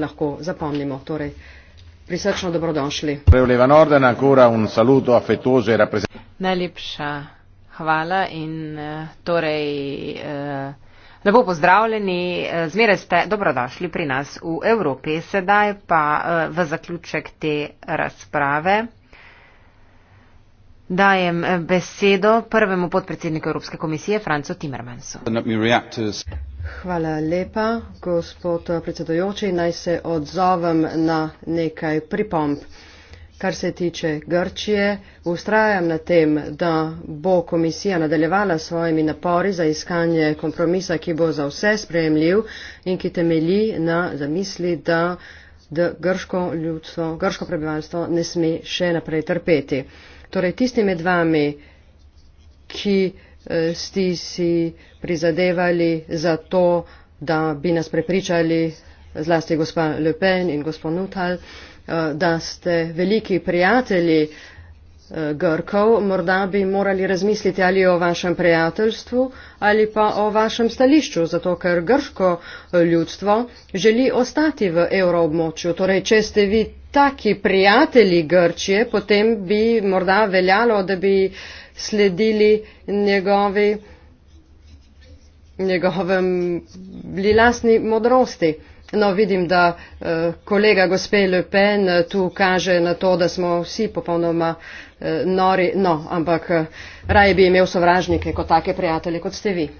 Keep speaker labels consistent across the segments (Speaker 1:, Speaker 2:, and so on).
Speaker 1: lahko zapomnimo. Torej, prisrčno dobrodošli. E
Speaker 2: Najlepša hvala in eh, torej eh, lepo pozdravljeni. Eh, zmeraj ste dobrodošli pri nas v Evropi, sedaj pa v zaključek te razprave. Dajem besedo prvemu podpredsedniku Evropske komisije, Francu Timmermansu. Hvala lepa, gospod predsedojoči. Naj se
Speaker 1: odzovem na nekaj pripomp. Kar se tiče Grčije, ustrajam na tem, da bo komisija nadaljevala svojimi napori za iskanje kompromisa, ki bo za vse sprejemljiv in ki temelji na zamisli, da, da grško, ljudstvo, grško prebivalstvo ne sme še naprej trpeti. Torej, tisti med vami, ki E, ste si prizadevali za to, da bi nas prepričali, zlasti gospa Le Pen in gospo Nuthal, e, da ste veliki prijatelji e, Grkov, morda bi morali razmisliti ali o vašem prijateljstvu ali pa o vašem stališču, zato ker grško ljudstvo želi ostati v evroobmočju. Torej, če ste vi taki prijatelji Grčije, potem bi morda veljalo, da bi sledili njegovi, njegovem lasni modrosti. No, vidim, da eh, kolega gospe Le Pen eh, tu kaže na to, da smo vsi popolnoma eh, nori, no, ampak eh, raje bi imel sovražnike kot take prijatelje, kot ste vi.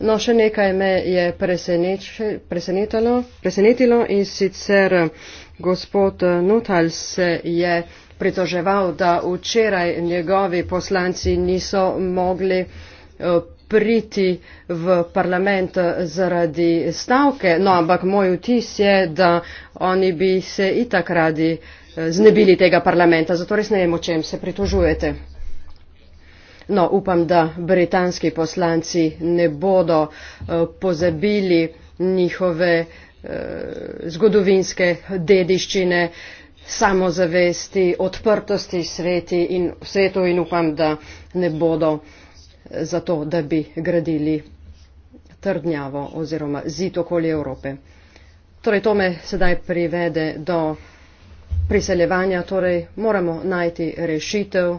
Speaker 1: No, še nekaj me je presenetilo, presenetilo in sicer gospod Nutal se je pritoževal, da včeraj njegovi poslanci niso mogli eh, priti v parlament zaradi stavke, no ampak moj vtis je, da oni bi se itak radi eh, znebili tega parlamenta, zato res ne vem, o čem se pritožujete. No, upam, da britanski poslanci ne bodo eh, pozabili njihove eh, zgodovinske dediščine, samozavesti, odprtosti sveti in svetu in upam, da ne bodo eh, zato, da bi gradili trdnjavo oziroma zid okoli Evrope. Torej, to me sedaj privede do priseljevanja, torej moramo najti rešitev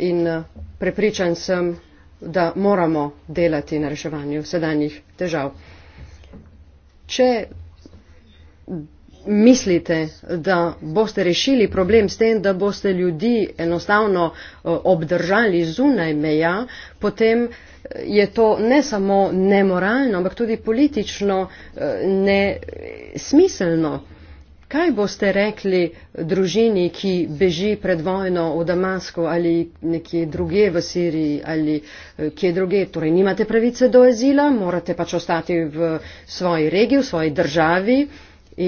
Speaker 1: in eh, prepričan sem, da moramo delati na reševanju sedanjih težav. Če mislite, da boste rešili problem s tem, da boste ljudi enostavno eh, obdržali zunaj meja, potem eh, je to ne samo nemoralno, ampak tudi politično nesmiselno. Kaj boste rekli družini, ki beži pred vojno v Damasku ali nekje druge v Siriji ali eh, kje druge? Torej, nimate pravice do azila, morate pač ostati v svoji regiji, v svoji državi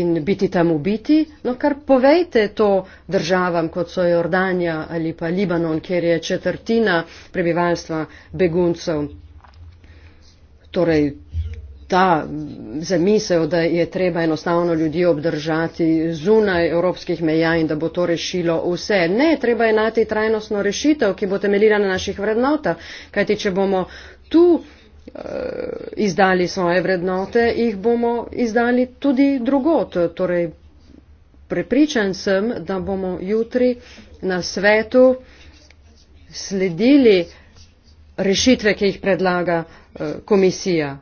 Speaker 1: in biti tam ubiti. No, kar povejte to državam, kot so Jordanija ali pa Libanon, kjer je četrtina prebivalstva beguncev. Torej, ta zamisel, da je treba enostavno ljudi obdržati zunaj evropskih meja in da bo to rešilo vse. Ne, treba je najti trajnostno rešitev, ki bo temeljila na naših vrednotah, kajti če bomo tu eh, izdali svoje vrednote, jih bomo izdali tudi drugot. Torej, prepričan sem, da bomo jutri na svetu sledili rešitve, ki jih predlaga eh, komisija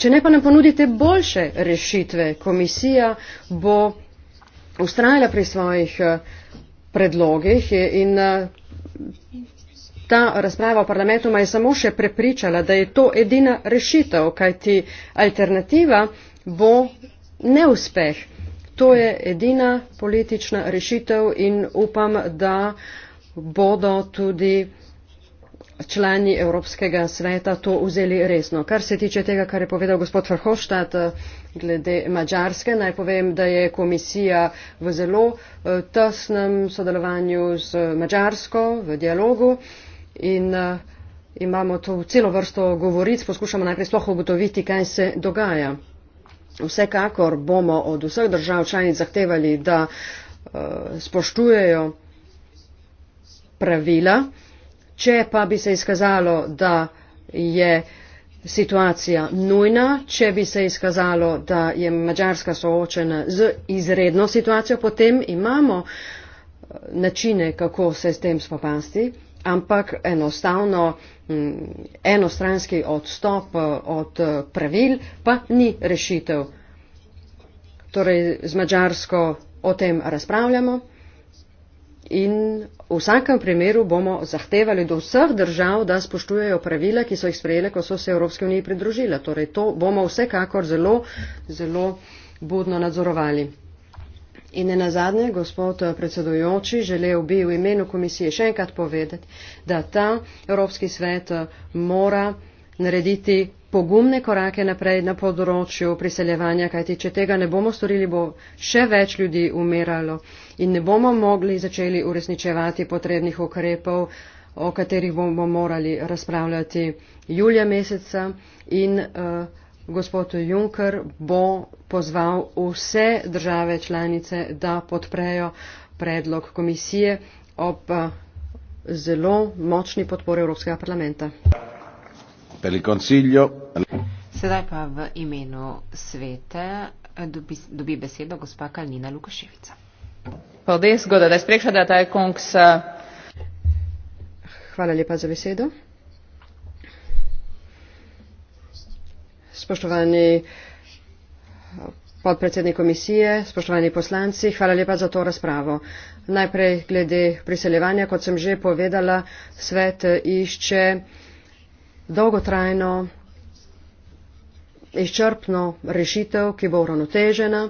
Speaker 1: če ne pa nam ponudite boljše rešitve, komisija bo ustrajala pri svojih eh, predlogih in eh, ta razprava v parlamentu me je samo še prepričala, da je to edina rešitev, kajti alternativa bo neuspeh. To je edina politična rešitev in upam, da bodo tudi člani Evropskega sveta to vzeli resno. Kar se tiče tega, kar je povedal gospod Verhoštad eh, glede Mačarske, naj povem, da je komisija v zelo eh, tesnem sodelovanju z Mačarsko v dialogu in eh, imamo to celo vrsto govoric, poskušamo najprej sploh ugotoviti, kaj se dogaja. Vsekakor bomo od vseh držav članic zahtevali, da spoštujejo pravila, Če pa bi se izkazalo, da je situacija nujna, če bi se izkazalo, da je Mačarska soočena z izredno situacijo, potem imamo eh, načine, kako se s tem spopasti, ampak enostavno mm, enostranski odstop eh, od eh, pravil pa ni rešitev. Torej, z Mačarsko o tem razpravljamo in v vsakem primeru bomo zahtevali do vseh držav, da spoštujejo pravila, ki so jih sprejele, ko so se Evropske unije pridružile. Torej, to bomo vsekakor zelo, zelo budno nadzorovali. In ne nazadnje, gospod predsedujoči, želel bi v imenu komisije še enkrat povedati, da ta Evropski svet mora narediti pogumne korake naprej na področju priseljevanja, kajti če tega ne bomo storili, bo še več ljudi umiralo in ne bomo mogli začeli uresničevati potrebnih ukrepov, o katerih bomo morali razpravljati julija meseca in uh, gospod Juncker bo pozval vse države članice, da podprejo predlog komisije ob uh, zelo močni podpori Evropskega parlamenta per il Consiglio.
Speaker 2: Sedaj pa v imenu svete dobi, dobi besedo gospa Kalnina Lukoševica. Hvala lepa za besedo.
Speaker 1: Spoštovani podpredsednik komisije, spoštovani poslanci, hvala lepa za to razpravo. Najprej glede priseljevanja, kot sem že povedala, svet išče dolgotrajno, izčrpno rešitev, ki bo uravnotežena.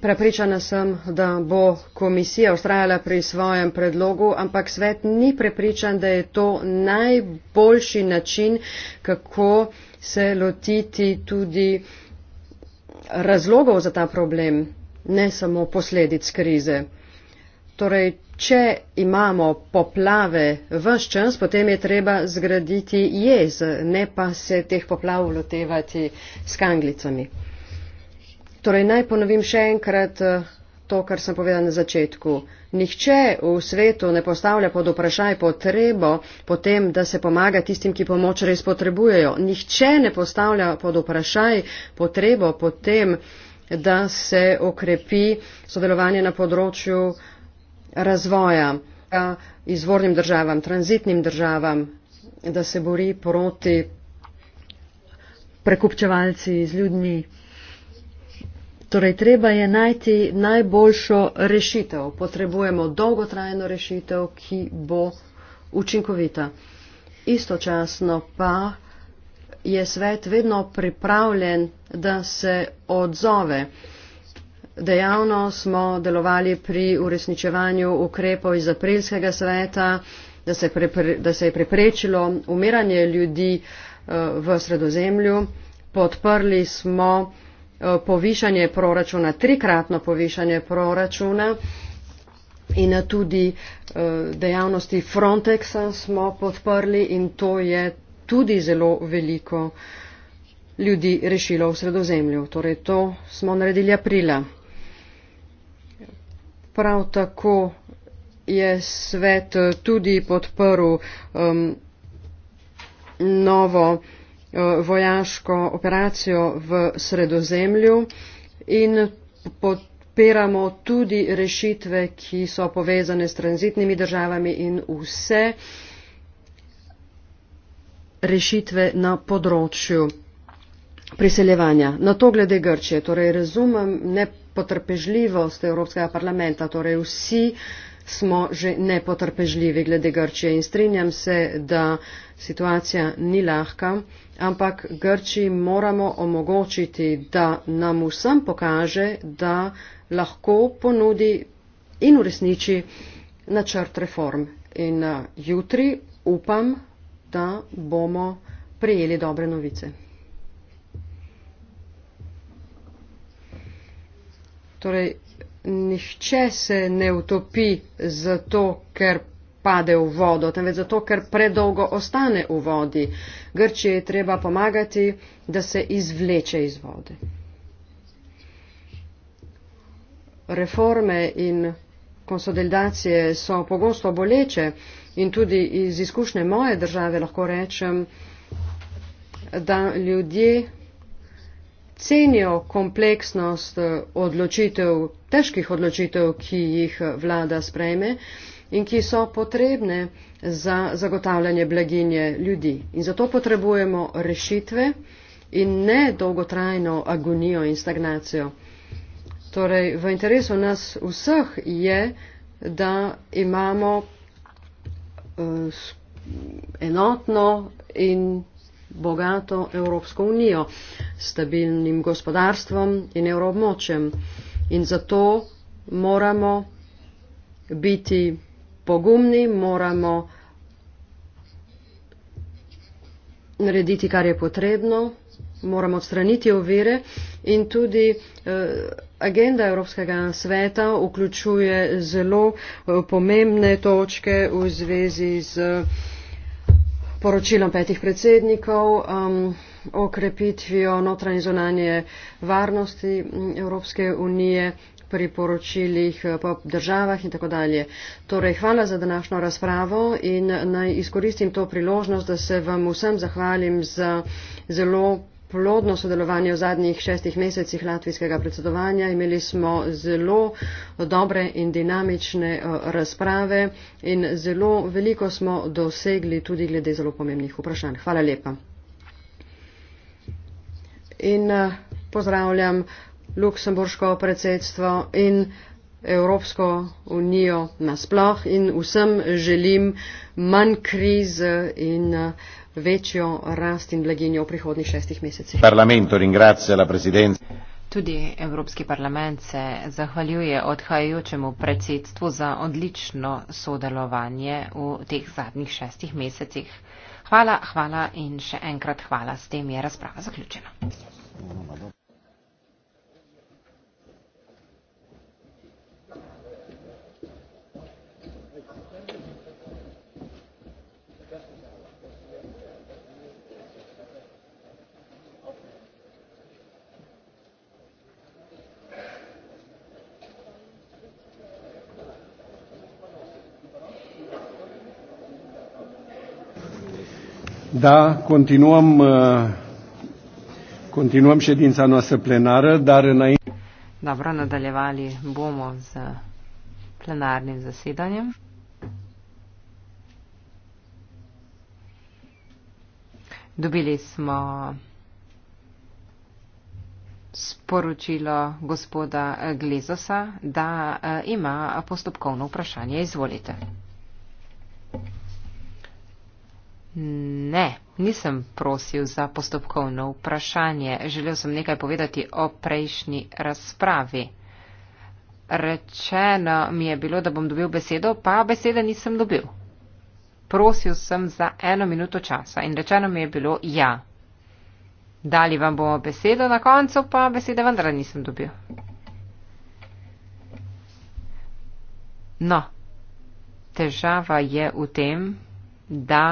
Speaker 1: Prepričana sem, da bo komisija ustrajala pri svojem predlogu, ampak svet ni prepričan, da je to najboljši način, kako se lotiti tudi razlogov za ta problem, ne samo posledic krize. Torej, če imamo poplave vse čas, potem je treba zgraditi jez, ne pa se teh poplav lotevati s kanglicami. Torej, naj ponovim še enkrat eh, to, kar sem povedala na začetku. Nihče v svetu ne postavlja pod vprašaj potrebo potem, da se pomaga tistim, ki pomoč res potrebujejo. Nihče ne postavlja pod vprašaj potrebo potem, da se okrepi sodelovanje na področju uh, razvoja izvornim državam, tranzitnim državam, da se bori proti prekupčevalci z ljudmi. Torej, treba je najti najboljšo rešitev. Potrebujemo dolgotrajno rešitev, ki bo učinkovita. Istočasno pa je svet vedno pripravljen, da se odzove dejavno smo delovali pri uresničevanju ukrepov iz aprilskega sveta, da se, prepre, da se je preprečilo umiranje ljudi eh, v sredozemlju. Podprli smo eh, povišanje proračuna, trikratno povišanje proračuna in tudi eh, dejavnosti Frontexa smo podprli in to je tudi zelo veliko ljudi rešilo v sredozemlju. Torej to smo naredili aprila. Prav tako je svet eh, tudi podprl um, novo uh, vojaško operacijo v sredozemlju in podpiramo tudi rešitve, ki so povezane s tranzitnimi državami in vse rešitve na področju priseljevanja. Na to glede Grčije, torej razumem, ne potrpežljivost Evropskega parlamenta. Torej vsi smo že nepotrpežljivi glede Grčije in strinjam se, da situacija ni lahka, ampak Grčiji moramo omogočiti, da nam vsem pokaže, da lahko ponudi in uresniči načrt reform. In eh, jutri upam, da bomo prijeli dobre novice. Torej, nihče se ne utopi zato, ker pade v vodo, temveč zato, ker predolgo ostane v vodi. Grčiji je treba pomagati, da se izvleče iz vode. Reforme in konsolidacije so pogosto boleče in tudi iz izkušnje moje države lahko rečem, da ljudje cenijo kompleksnost eh, odločitev, težkih odločitev, ki jih eh, vlada sprejme in ki so potrebne za zagotavljanje blaginje ljudi. In zato potrebujemo rešitve in ne dolgotrajno agonijo in stagnacijo. Torej, v interesu nas vseh je, da imamo uh, enotno in bogato Evropsko unijo, stabilnim gospodarstvom in evroobmočjem. In zato moramo biti pogumni, moramo narediti, kar je potrebno, moramo odstraniti ovire in tudi eh, agenda Evropskega sveta vključuje zelo eh, pomembne točke v zvezi z eh, poročilom petih predsednikov, um, okrepitvijo notranje zunanje varnosti Evropske unije, pri poročilih eh, po državah in tako dalje. Torej, hvala za današnjo razpravo in naj izkoristim to priložnost, da se vam vsem zahvalim za zelo plodno sodelovanje v zadnjih šestih mesecih latvijskega predsedovanja. Imeli smo zelo dobre in dinamične eh, razprave in zelo veliko smo dosegli tudi glede zelo pomembnih vprašanj. Hvala lepa. In eh, pozdravljam Luksemburško predsedstvo in Evropsko unijo nasploh in vsem želim manj kriz in uh, večjo
Speaker 2: rast in blaginjo v prihodnjih šestih mesecih.
Speaker 1: Parlamentu ringrazia la presidenza.
Speaker 2: Tudi Evropski parlament se zahvaljuje odhajajočemu predsedstvu za odlično sodelovanje v teh zadnjih šestih mesecih. Hvala, hvala in še enkrat hvala. S tem je razprava zaključena. Da,
Speaker 1: continuăm, uh, continuăm ședința noastră plenară, dar înainte...
Speaker 2: Dobro nadaljevali bomo z plenarnim zasedanjem. Dobili smo sporočilo gospoda Glezosa, da uh, ima postopkovno vprašanje. Izvolite. Ne, nisem prosil za postopkovno vprašanje. Želel sem nekaj povedati o prejšnji razpravi. Rečeno mi je bilo, da bom dobil besedo, pa besede nisem dobil. Prosil sem za eno minuto časa in rečeno mi je bilo ja. Dali vam bomo besedo na koncu, pa besede vendar nisem dobil. No, težava je v tem, da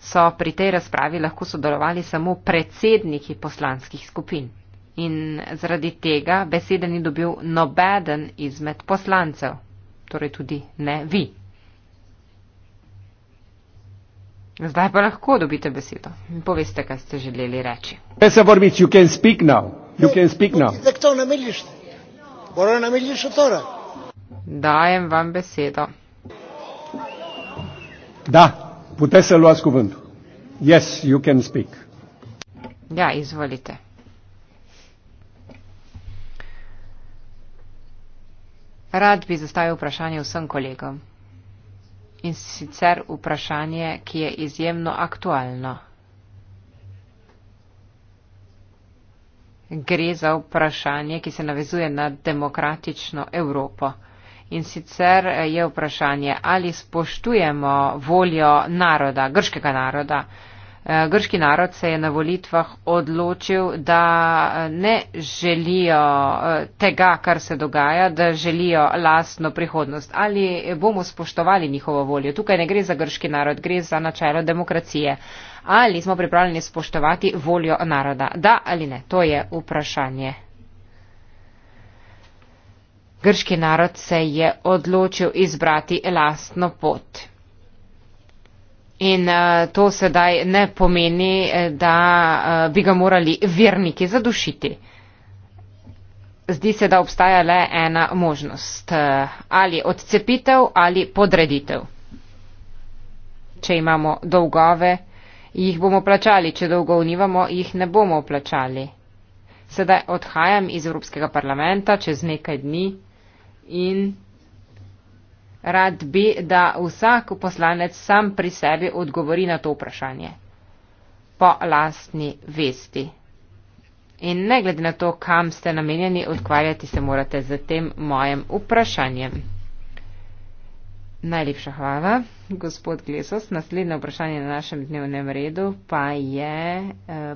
Speaker 2: so pri tej razpravi lahko sodelovali samo predsedniki poslanskih skupin. In zaradi tega besede ni dobil nobeden izmed poslancev, torej tudi ne vi. Zdaj pa lahko dobite besedo. Poveste, kaj ste želeli reči.
Speaker 1: Pesa Vormic, you can speak now. You can speak now.
Speaker 2: Dajem vam besedo.
Speaker 1: Da. Puteți să luați cuvântul. Yes, you can speak.
Speaker 2: Da, ja, izvolite. Rad bi zastavil vprašanje vsem kolegom. In sicer vprašanje, ki je izjemno aktualno. Gre za vprašanje, ki se navezuje na demokratično Evropo. In sicer eh, je vprašanje, ali spoštujemo voljo naroda, grškega naroda. Eh, grški narod se je na volitvah odločil, da eh, ne želijo tega, kar se dogaja, da želijo lastno prihodnost. Ali bomo spoštovali njihovo voljo? Tukaj ne gre za grški narod, gre za načelo demokracije. Ali smo pripravljeni spoštovati voljo naroda? Da ali ne? To je vprašanje. Grški narod se je odločil izbrati lastno pot. In uh, to sedaj ne pomeni, eh, da uh, bi ga morali verniki zadušiti. Zdi se, da obstaja le ena možnost. Uh, ali odcepitev ali podreditev. Če imamo dolgove, jih bomo plačali. Če dolgov nivamo, jih ne bomo plačali. Sedaj odhajam iz Evropskega parlamenta čez nekaj dni in rad bi, da vsak poslanec sam pri sebi odgovori na to vprašanje po lastni vesti. In ne glede na to, kam ste namenjeni, odkvarjati se morate z tem mojem vprašanjem. Najlepša hvala, gospod Glesos. Naslednje vprašanje na našem dnevnem redu pa je eh,